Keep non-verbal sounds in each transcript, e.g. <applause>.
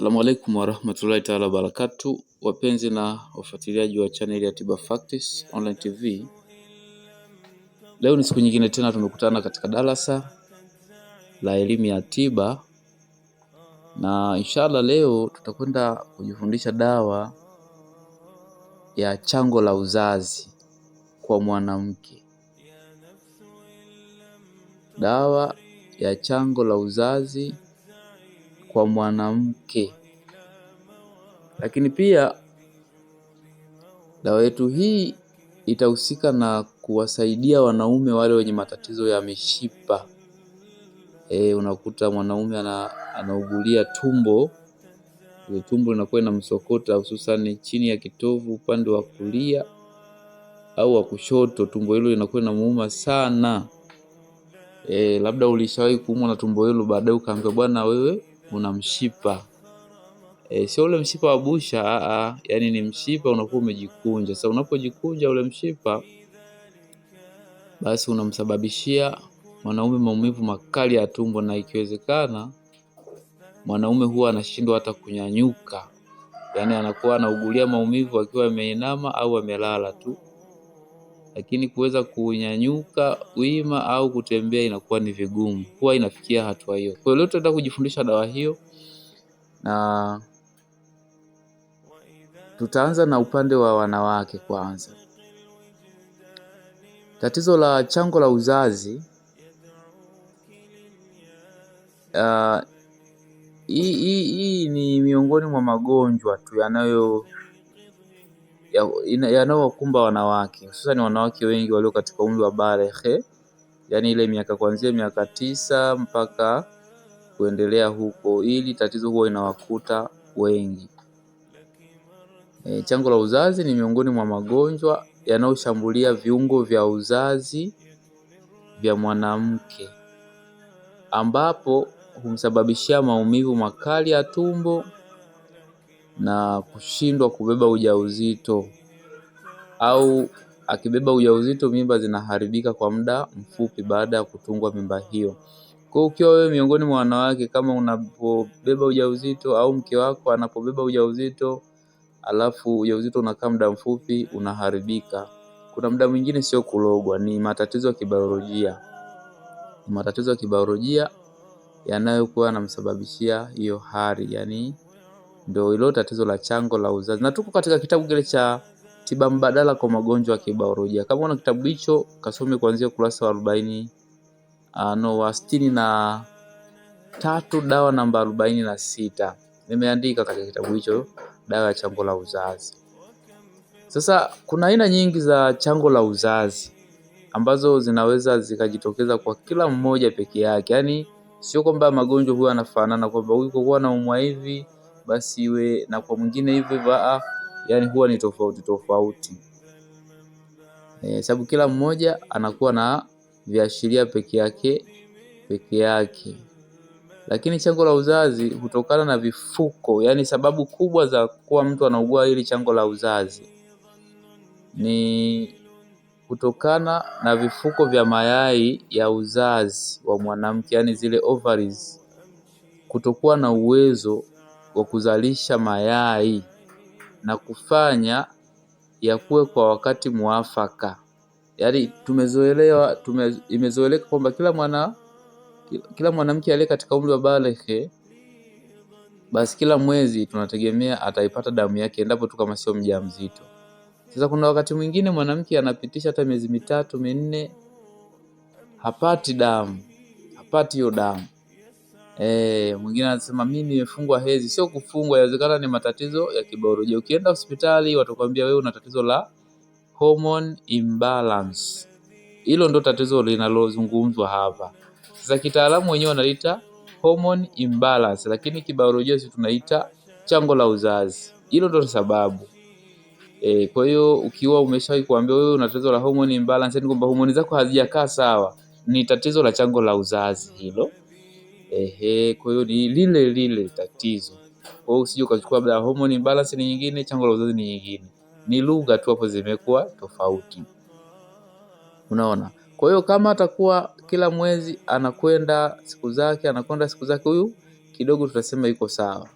Asalamu alaikum warahmatullahi taala wabarakatu, wapenzi na wafuatiliaji wa chaneli ya Tiba Facts Online TV. Leo ni siku nyingine tena tumekutana katika darasa la elimu ya tiba, na inshallah leo tutakwenda kujifundisha dawa ya chango la uzazi kwa mwanamke. Dawa ya chango la uzazi kwa mwanamke lakini pia dawa yetu hii itahusika na kuwasaidia wanaume wale wenye matatizo ya mishipa. E, unakuta mwanaume anaugulia tumbo, ile tumbo linakuwa inamsokota hususan chini ya kitovu upande wa kulia au wa kushoto. Tumbo hilo linakuwa inamuuma sana. E, labda ulishawahi kuumwa na tumbo hilo, baadaye ukaambiwa bwana, wewe una mshipa. E, sio ule mshipa wa busha a, yani ni mshipa unakuwa umejikunja. Sasa unapojikunja ule mshipa, basi unamsababishia mwanaume maumivu makali ya tumbo, na ikiwezekana mwanaume huwa anashindwa hata kunyanyuka, yani anakuwa anaugulia maumivu akiwa ameinama au amelala tu, lakini kuweza kunyanyuka wima au kutembea inakuwa ni vigumu, huwa inafikia hatua hiyo. Kwa hiyo leo tutaenda kujifundisha dawa hiyo na Tutaanza na upande wa wanawake kwanza. Tatizo la chango la uzazi ah, hii uh, ni miongoni mwa magonjwa tu yanayo yanayowakumba wanawake hususani wanawake wengi walio katika umri wa baleghe, yaani ile miaka kuanzia miaka tisa mpaka kuendelea huko. Hili tatizo huwa inawakuta wengi. E, chango la uzazi ni miongoni mwa magonjwa yanayoshambulia viungo vya uzazi vya mwanamke ambapo humsababishia maumivu makali ya tumbo na kushindwa kubeba ujauzito au akibeba ujauzito mimba zinaharibika kwa muda mfupi baada ya kutungwa mimba hiyo. Kwa ukiwa wewe miongoni mwa wanawake kama unapobeba ujauzito au mke wako anapobeba ujauzito alafu ujauzito unakaa muda mfupi unaharibika. Kuna muda mwingine sio kulogwa, ni matatizo ya kibiolojia, matatizo ya kibiolojia yanayokuwa yanamsababishia hiyo hari, yani ndio hilo tatizo la chango la uzazi, na tuko katika kitabu kile cha tiba mbadala kwa magonjwa ya kibiolojia. Kama una kitabu hicho kasome kuanzia ukurasa wa arobaini ano ah, wa sitini na tatu dawa namba arobaini na sita nimeandika katika kitabu hicho dawa ya chango la uzazi. Sasa kuna aina nyingi za chango la uzazi ambazo zinaweza zikajitokeza kwa kila mmoja peke yake, yaani sio kwamba magonjwa huwa yanafanana kwamba huwa naumwa hivi basi iwe na kwa mwingine hivi, yaani huwa ni tofauti tofauti eh, sababu kila mmoja anakuwa na viashiria peke yake peke yake. Lakini chango la uzazi hutokana na vifuko, yaani sababu kubwa za kuwa mtu anaugua hili chango la uzazi ni kutokana na vifuko vya mayai ya uzazi wa mwanamke, yaani zile ovaries kutokuwa na uwezo wa kuzalisha mayai na kufanya yakuwe kwa wakati muafaka. Yaani tumezoelewa tume, imezoeleka kwamba kila mwana kila mwanamke aliye katika umri wa baligh, basi kila mwezi tunategemea ataipata damu yake, endapo tu kama sio mjamzito. Sasa kuna wakati mwingine mwanamke anapitisha hata miezi mitatu minne hapati damu, hapati hiyo damu. E, mwingine anasema mimi nimefungwa hezi. Sio kufungwa, inawezekana ni matatizo ya kibiolojia. Ukienda hospitali watakwambia wewe una tatizo la hormone imbalance. Hilo ndo tatizo linalozungumzwa hapa za kitaalamu wenyewe wanaita hormone imbalance, lakini kibiolojia sisi tunaita chango la uzazi. Hilo ndo sababu e. Kwa hiyo ukiwa umeshawahi kuambia wewe una tatizo la hormone imbalance, yani kwamba homoni zako hazijakaa sawa, ni tatizo la chango la uzazi hilo. Ehe, kwa hiyo ni lile lile tatizo. Kwa hiyo usije ukachukua labda hormone imbalance ni nyingine, chango la uzazi ni nyingine, ni lugha tu hapo, zimekuwa tofauti. Unaona? Kwa hiyo kama atakuwa kila mwezi anakwenda siku zake anakwenda siku zake, huyu kidogo tutasema yuko sawa,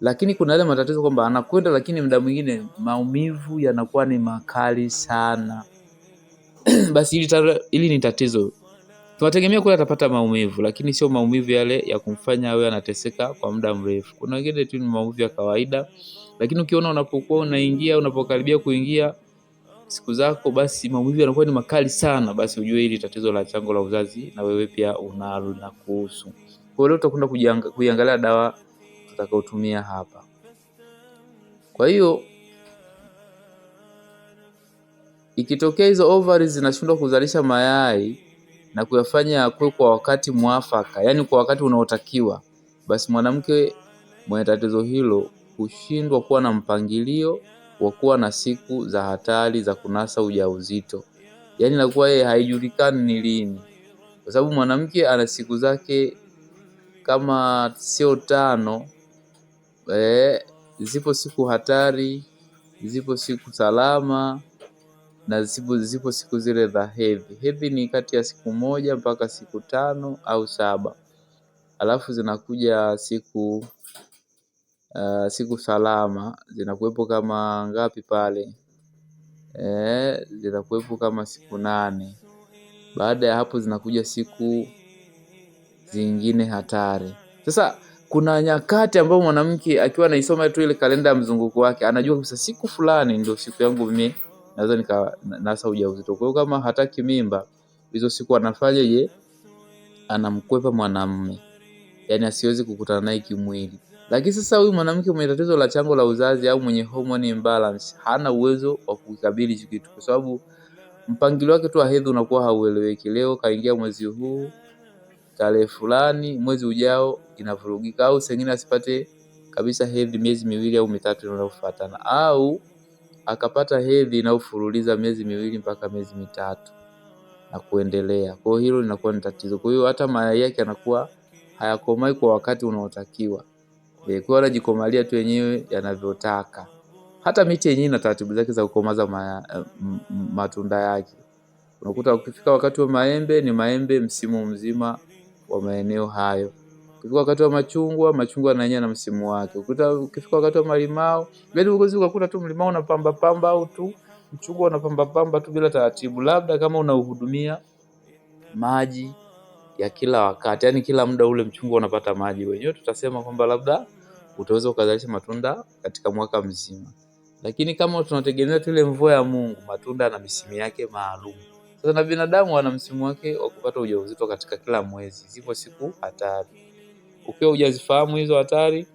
lakini kuna yale matatizo kwamba anakwenda, lakini muda mwingine maumivu yanakuwa ni makali sana <clears throat> basi hili, hili ni tatizo. Tunategemea kule atapata maumivu, lakini sio maumivu yale ya kumfanya awe anateseka kwa muda mrefu. Kuna wengine tu ni maumivu ya kawaida, lakini ukiona unapokuwa unaingia unapokaribia kuingia siku zako, basi maumivu yanakuwa ni makali sana, basi ujue hili tatizo la chango la uzazi na wewe pia unalo na kuhusu. Kwa leo tutakwenda kuiangalia dawa tutakayotumia hapa. Kwa hiyo ikitokea hizo ovaries zinashindwa kuzalisha mayai na kuyafanya yakue kwa wakati mwafaka, yaani kwa wakati unaotakiwa, basi mwanamke mwenye tatizo hilo hushindwa kuwa na mpangilio kuwa na siku za hatari za kunasa ujauzito, yaani nakuwa yeye haijulikani ni lini, kwa sababu mwanamke ana siku zake kama sio tano eh, zipo siku hatari, zipo siku salama na zipo, zipo siku zile za hedhi. Hedhi ni kati ya siku moja mpaka siku tano au saba, alafu zinakuja siku uh, siku salama zinakuwepo kama ngapi pale? eh, zinakuwepo kama siku nane. Baada ya hapo zinakuja siku zingine hatari. Sasa kuna nyakati ambapo mwanamke akiwa anaisoma tu ile kalenda ya mzunguko wake anajua kabisa siku fulani ndio siku yangu mimi naweza nika nasa ujauzito. Kwa hiyo kama hataki mimba hizo siku anafanya je, anamkwepa mwanamume, yani asiwezi kukutana naye kimwili. Lakini sasa huyu mwanamke mwenye tatizo la chango la uzazi au mwenye hormone imbalance hana uwezo wa kukabili hicho kitu, kwa sababu mpangilio wake tu wa hedhi unakuwa haueleweki. Leo kaingia mwezi huu tarehe fulani, mwezi ujao inavurugika, au sengine asipate kabisa hedhi miezi miwili au mitatu inayofuatana, au akapata hedhi inayofuruliza miezi miwili mpaka miezi mitatu na kuendelea. Kwa hiyo hilo linakuwa ni tatizo. Kwa hiyo hata mayai yake yanakuwa hayakomai kwa wakati unaotakiwa. E, kwa wanajikomalia tu yenyewe yanavyotaka. Hata miti yenyewe ina taratibu zake za kukomaza ma, matunda yake. Unakuta ukifika wakati wa maembe ni maembe msimu mzima wa maeneo hayo. Ukifika wakati wa machungwa, machungwa na yenyewe na msimu wake. Ukuta ukifika wakati wa malimao, yaani uwezi ukakuta tu mlimao unapamba pamba au tu mchungwa unapamba pamba tu bila taratibu, labda kama unauhudumia maji ya kila wakati, yaani kila muda ule mchungwa unapata maji wenyewe, tutasema kwamba labda utaweza ukazalisha matunda katika mwaka mzima. Lakini kama tunategemea tu ile mvua ya Mungu, matunda na misimu yake maalum. Sasa na binadamu wana msimu wake wa kupata ujauzito katika kila mwezi, zipo siku hatari. Ukiwa hujazifahamu hizo hatari,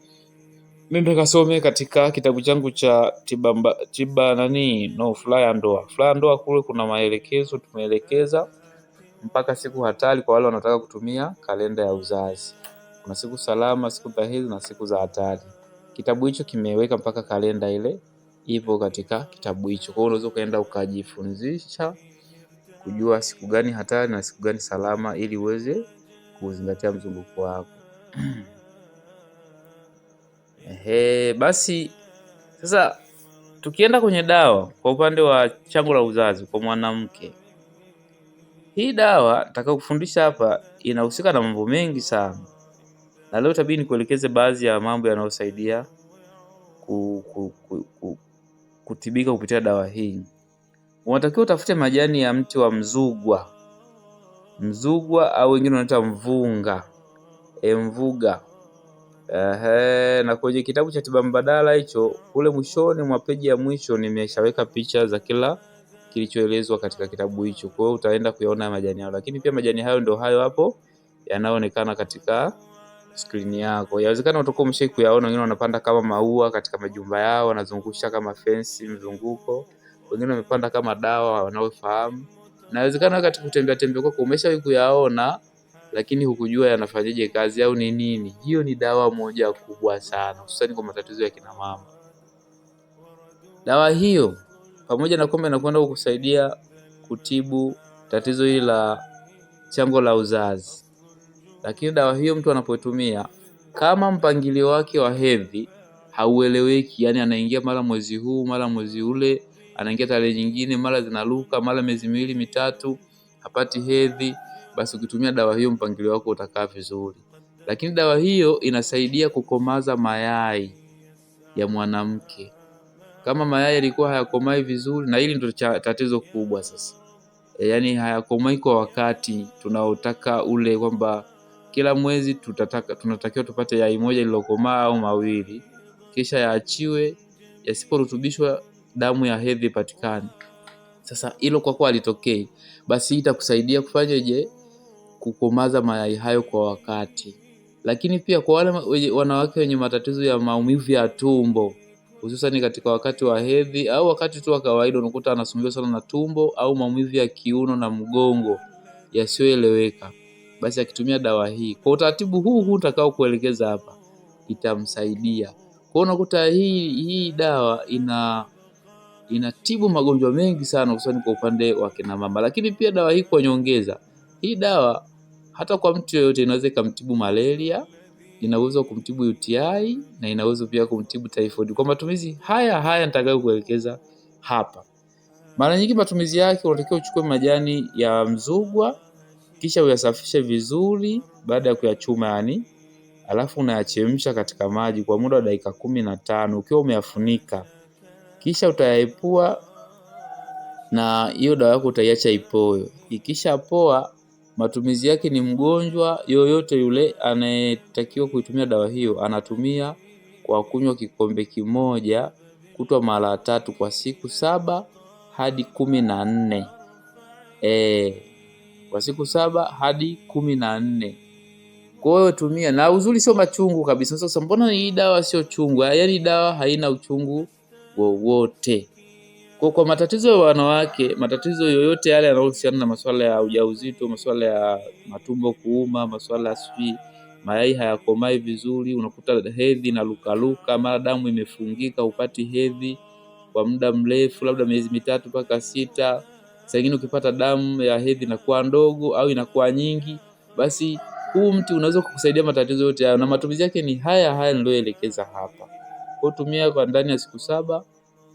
mimi nikasome katika kitabu changu cha tiba, tiba nani no furaha ya ndoa, furaha ya ndoa, kule kuna maelekezo tumeelekeza mpaka siku hatari kwa wale wanataka kutumia kalenda ya uzazi. Kuna siku salama, siku dhahiri na siku za hatari. Kitabu hicho kimeweka mpaka kalenda ile ipo katika kitabu hicho. Kwa hiyo unaweza ukaenda ukajifunzisha kujua siku gani hatari na siku gani salama, ili uweze kuzingatia mzunguko wako. <clears throat> Ehe, basi sasa tukienda kwenye dawa kwa upande wa chango la uzazi kwa mwanamke, hii dawa nitakayokufundisha hapa inahusika na mambo mengi sana. Na leo tabii nikuelekeze baadhi ya mambo yanayosaidia ku, ku, ku, ku, kutibika kupitia dawa hii. Unatakiwa utafute majani ya mti wa mzugwa, mzugwa au wengine wanaita mvunga, e, mvuga. Ehe, na kwenye kitabu cha tiba mbadala hicho kule mwishoni mwa peji ya mwisho nimeshaweka picha za kila kilichoelezwa katika kitabu hicho, kwa hiyo utaenda kuyaona majani hayo, lakini pia majani hayo ndio hayo hapo yanayoonekana katika skrini yako. Yawezekana utakuwa umeshai kuyaona, wengine wanapanda kama maua katika majumba yao, wanazungusha kama fensi mzunguko, wengine wamepanda kama dawa wanaofahamu, nawezekana yawezekana katika kutembea tembea kwako umeshawahi kuyaona lakini hukujua yanafanyaje kazi au ni nini. Hiyo ni dawa moja kubwa sana, hususani kwa matatizo ya kina mama. Dawa hiyo pamoja na kwamba inakwenda kukusaidia kutibu tatizo hili la chango la uzazi, lakini dawa hiyo mtu anapoitumia kama mpangilio wake wa hedhi haueleweki, yani anaingia mara mwezi huu mara mwezi ule, anaingia tarehe nyingine, mara zinaruka, mara miezi miwili mitatu hapati hedhi, basi ukitumia dawa hiyo mpangilio wako utakaa vizuri. Lakini dawa hiyo inasaidia kukomaza mayai ya mwanamke. Kama mayai yalikuwa hayakomai vizuri, na hili ndio tatizo kubwa sasa, e, yani hayakomai kwa wakati tunaotaka ule, kwamba kila mwezi tutataka, tunatakiwa tupate yai moja lililokomaa au mawili, kisha yaachiwe. Yasiporutubishwa damu ya hedhi ipatikane. Sasa hilo kwa kuwa halitokei, basi itakusaidia kufanyaje? Kukomaza mayai hayo kwa wakati. Lakini pia kwa wale wanawake wenye matatizo ya maumivu ya tumbo, hususan katika wakati wa hedhi au wakati tu wa kawaida, unakuta anasumbuliwa sana na tumbo au maumivu ya kiuno na mgongo yasiyoeleweka basi akitumia dawa hii kwa utaratibu huu huu utakao kuelekeza hapa itamsaidia. Kwa unakuta hii, hii dawa ina inatibu magonjwa mengi sana hususani kwa upande wa kina mama, lakini pia dawa hii kwa nyongeza, hii dawa hata kwa mtu yoyote inaweza ikamtibu malaria, inaweza kumtibu UTI na inaweza pia kumtibu typhoid kwa matumizi haya haya nitakayokuelekeza hapa. Mara nyingi matumizi yake unatakiwa uchukue majani ya mzugwa kisha uyasafishe vizuri baada ya kuyachuma yani, alafu unayachemsha katika maji kwa muda wa dakika kumi na tano ukiwa umeyafunika, kisha utayaepua na hiyo dawa yako utaiacha ipoe. Ikisha poa, matumizi yake ni mgonjwa yoyote yule anayetakiwa kuitumia dawa hiyo anatumia kwa kunywa kikombe kimoja kutwa mara tatu kwa siku saba hadi kumi na nne. Eh, kwa siku saba hadi kumi na nne. Kwa hiyo tumia, na uzuri sio machungu kabisa. Sasa mbona hii dawa sio chungu? Yaani dawa haina uchungu wowote. Kwa, kwa matatizo ya wanawake, matatizo yoyote yale yanayohusiana na masuala ya ujauzito, masuala ya matumbo kuuma, masuala ya sijui mayai hayakomai vizuri, unakuta hedhi na lukaluka, mara damu imefungika, upati hedhi kwa muda mrefu, labda miezi mitatu mpaka sita saa ingine ukipata damu ya hedhi inakuwa ndogo au inakuwa nyingi, basi huu mti unaweza kukusaidia matatizo yote hayo, na matumizi yake ni haya haya niliyoelekeza hapa. Hutumia kwa ndani ya siku saba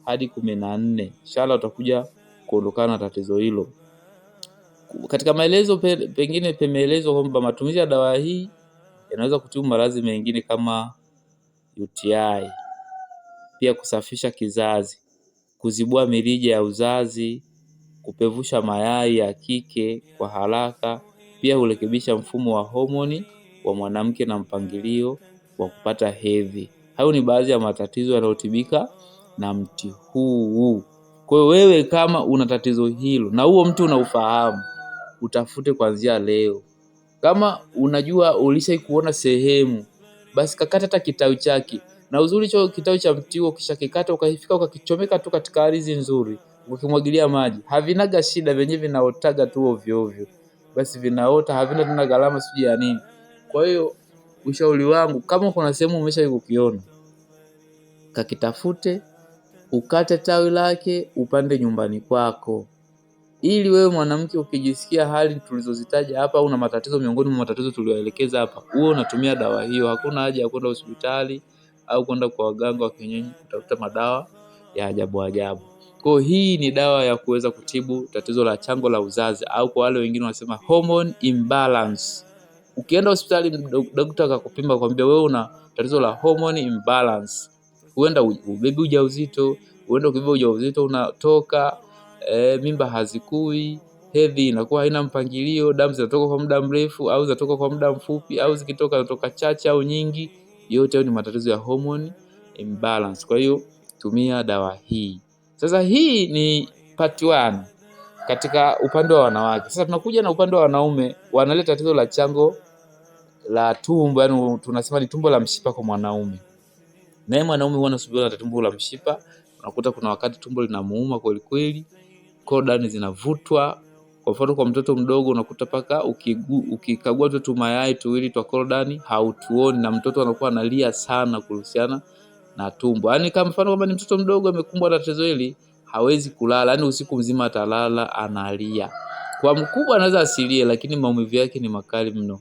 hadi kumi na nne, inshallah utakuja kuondokana na tatizo hilo. Katika maelezo pe, pengine pemeelezwa kwamba matumizi ya dawa hii yanaweza kutibu maradhi mengine kama UTI, pia kusafisha kizazi, kuzibua mirija ya uzazi, kupevusha mayai ya kike kwa haraka, pia hurekebisha mfumo wa homoni wa mwanamke na mpangilio wa kupata hedhi. Hayo ni baadhi ya matatizo yanayotibika na mti huu. Kwa hiyo wewe kama una tatizo hilo na huo mti unaufahamu, utafute kuanzia leo. Kama unajua ulishai kuona sehemu, basi kakata hata kitawi chake, na uzuri cho kitawi cha mti huo kikata ukakifika ukakichomeka tu katika ardhi nzuri ukimwagilia maji havinaga shida, vyenyewe vinaotaga tu ovyo ovyo, basi vinaota, havina tena gharama sijui ya nini. Kwa hiyo ushauri wangu, kama kuna sehemu umesha kukiona, kakitafute, ukate tawi lake, upande nyumbani kwako, ili wewe mwanamke ukijisikia hali tulizozitaja hapa, una matatizo miongoni mwa matatizo tuliyoelekeza hapa, wewe unatumia dawa hiyo. Hakuna haja ya kwenda hospitali au kwenda kwa waganga wa kienyeji kutafuta madawa ya ajabu ajabu. Kwa hii ni dawa ya kuweza kutibu tatizo la chango la uzazi au kwa wale wengine wanasema hormone imbalance. Ukienda hospitali daktari akakupima akwambia wewe una tatizo la hormone imbalance. Huenda ubebi ujauzito, huenda ukibeba ujauzito unatoka e, mimba hazikui, hedhi inakuwa haina mpangilio, damu zinatoka kwa muda mrefu au zinatoka kwa muda mfupi au zikitoka zinatoka chache au nyingi. Yote hayo ni matatizo ya hormone imbalance. Kwa hiyo tumia dawa hii. Sasa hii ni part one katika upande wa wanawake. Sasa tunakuja na upande wa wanaume, wanaleta tatizo la chango la tumbo, yani tunasema ni tumbo la mshipa kwa mwanaume. Naye mwanaume huwa anasubiri na tumbo la mshipa, unakuta kuna wakati tumbo linamuuma kweli kweli, korodani zinavutwa. Kwa mfano kwa mtoto mdogo unakuta paka ukikagua tu mayai tuwili twa korodani hautuoni, na mtoto anakuwa analia sana kuhusiana na tumbo. Yaani kama mfano kama ni mtoto mdogo amekumbwa na tatizo hili, hawezi kulala, yaani usiku mzima atalala analia. Kwa mkubwa anaweza asilie, lakini maumivu yake ni makali mno.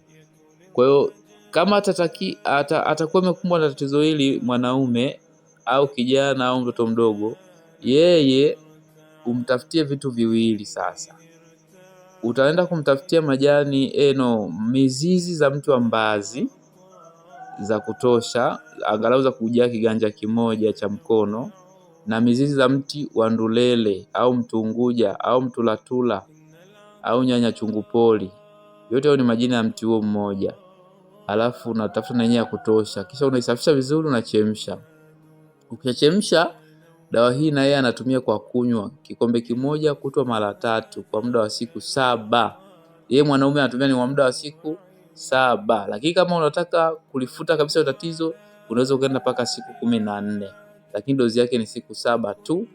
Kwa hiyo kama atataki ata, atakuwa amekumbwa na tatizo hili mwanaume au kijana au mtoto mdogo, yeye umtafutie vitu viwili sasa utaenda kumtafutia majani eno, eh, mizizi za mtu wa mbazi za kutosha angalau za kujaa kiganja kimoja cha mkono, na mizizi za mti wa ndulele au mtunguja au mtulatula au nyanya chungu poli. Yote hayo ni majina ya mti huo mmoja. Alafu unatafuta na ya kutosha, kisha unaisafisha vizuri, unachemsha. Ukishachemsha dawa hii, na yeye anatumia kwa kunywa kikombe kimoja kutwa mara tatu kwa muda wa siku saba. Yeye mwanaume anatumia ni kwa muda wa siku saba, lakini kama unataka kulifuta kabisa tatizo unaweza ukaenda mpaka siku kumi na nne, lakini dozi yake ni siku saba tu,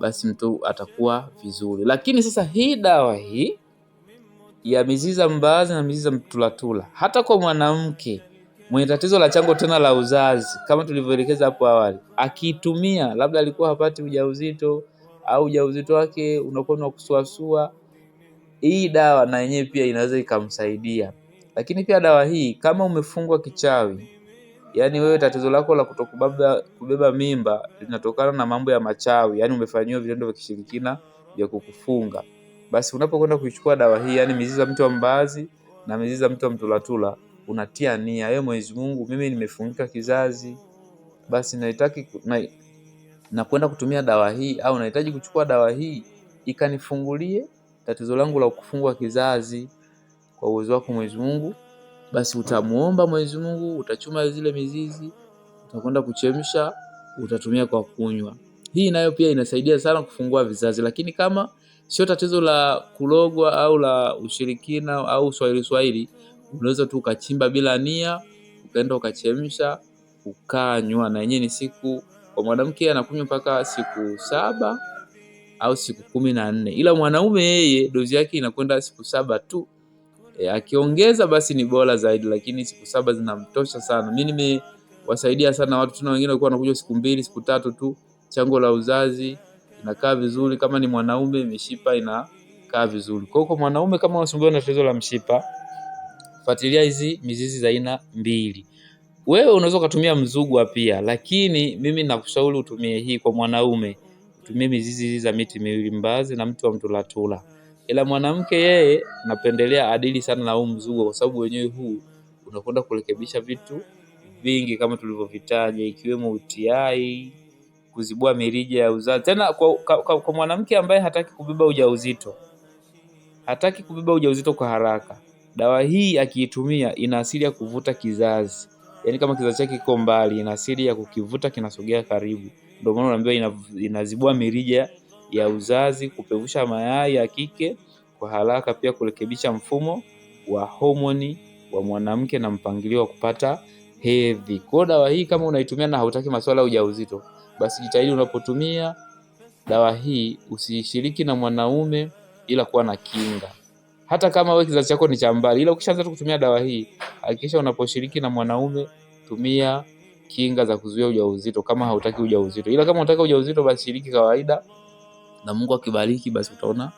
basi mtu atakuwa vizuri. Lakini sasa hii dawa hii ya miziza mbaazi na miziza mtulatula, hata kwa mwanamke mwenye tatizo la chango tena la uzazi, kama tulivyoelekeza hapo awali, akiitumia labda alikuwa hapati ujauzito au ujauzito wake unakuwa unakusuasua, hii dawa na yenyewe pia inaweza ikamsaidia. Lakini pia dawa hii kama umefungwa kichawi, yaani wewe tatizo lako la kutokubeba kubeba mimba linatokana na mambo ya machawi, yaani umefanyiwa vitendo vya kishirikina vya kukufunga, basi unapokwenda kuichukua dawa hii, yaani mizizi ya mti wa mbaazi na mizizi ya mti wa mtulatula, unatia nia, wewe, Mwenyezi Mungu, mimi nimefungika kizazi, basi naitaki na, na kwenda kutumia dawa hii au nahitaji kuchukua dawa hii ikanifungulie tatizo langu la kufungwa kizazi kwa uwezo wako Mwenyezi Mungu, basi utamuomba Mwenyezi Mungu, utachuma zile mizizi, utakwenda kuchemsha, utatumia kwa kunywa. Hii nayo pia inasaidia sana kufungua vizazi, lakini kama sio tatizo la kulogwa au la ushirikina au swahili swahili, unaweza tu ukachimba bila nia, ukaenda ukachemsha, ukanywa, na yenyewe ni siku kwa mwanamke anakunywa mpaka siku saba au siku kumi na nne ila mwanaume yeye dozi yake inakwenda siku saba tu. E, akiongeza basi ni bora zaidi, lakini siku saba zinamtosha sana. Mimi nimewasaidia sana watu, tuna wengine walikuwa wanakuja siku mbili siku tatu tu. Chango la uzazi inakaa vizuri, kama ni mwanaume mishipa inakaa vizuri. Kwa hiyo mwanaume kama unasumbuliwa na tatizo la mshipa, fuatilia hizi mizizi za aina mbili. Wewe unaweza kutumia mzugwa pia, lakini mimi nakushauri utumie hii kwa mwanaume, utumie mizizi hizi za miti miwili, mbazi na mti wa mtulatula. Ila mwanamke yeye napendelea adili sana na huu mzungu, kwa sababu wenyewe huu unakwenda kurekebisha vitu vingi kama tulivyovitaja, ikiwemo UTI, kuzibua mirija ya uzazi. Tena kwa, kwa, kwa mwanamke ambaye hataki kubeba ujauzito, hataki kubeba ujauzito kwa haraka, dawa hii akiitumia ina asili ya kuvuta kizazi, yaani kama kizazi chake kiko mbali, ina asili ya kukivuta kinasogea karibu. Ndio maana unaambiwa inazibua mirija ya uzazi, kupevusha mayai ya kike kwa haraka, pia kurekebisha mfumo wa homoni wa mwanamke na mpangilio wa kupata hedhi. Kwa dawa hii kama unaitumia na hautaki masuala ya ujauzito, basi jitahidi unapotumia dawa hii usishiriki na mwanaume, ila kuwa na kinga. Hata kama wewe kizazi chako ni cha mbali, ila ukishaanza kutumia dawa hii, hakikisha unaposhiriki na mwanaume, tumia kinga za kuzuia ujauzito kama hautaki ujauzito, ila kama unataka ujauzito, basi shiriki kawaida na Mungu akibariki, basi utaona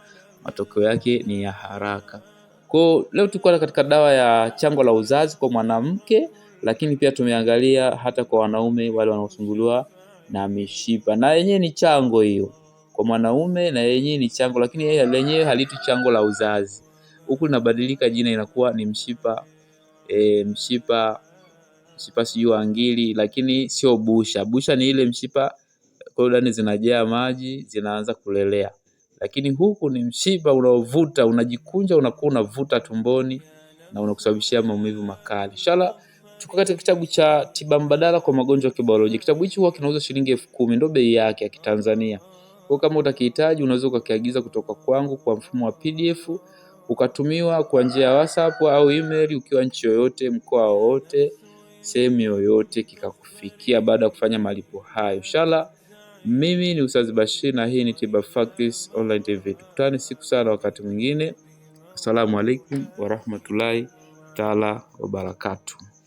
matokeo yake ni ya haraka. Kwa leo tulikuwa katika dawa ya chango la uzazi kwa mwanamke, lakini pia tumeangalia hata kwa wanaume wale wanaosumbuliwa na mishipa, na yenyewe ni chango hiyo kwa mwanaume, na yenyewe ni chango, lakini yeye lenyewe haliti chango la uzazi, huku linabadilika jina, inakuwa ni mshipa e, mshipa mshipa sijui wa lakini sio busha. Busha ni ile mshipa kwa hiyo ndani zinajaa maji zinaanza kulelea, lakini huku ni mshipa unaovuta, unajikunja, unakuwa unavuta tumboni na unakusababishia maumivu makali. Inshallah tuko katika kitabu cha tiba mbadala kwa magonjwa ya kibiolojia. Kitabu hichi huwa kinauzwa shilingi elfu kumi ndio bei yake ya Kitanzania. Kwa kama utakihitaji unaweza ukakiagiza kutoka kwangu kwa mfumo wa PDF ukatumiwa kwa njia ya WhatsApp au email ukiwa nchi yoyote, mkoa wowote, sehemu yoyote, kikakufikia baada ya kufanya malipo hayo. Inshallah mimi ni usazi Bashir na hii ni Tiba Facts Online TV. Tukutane siku sana wakati mwingine. Assalamu alaikum warahmatullahi taala wabarakatuh.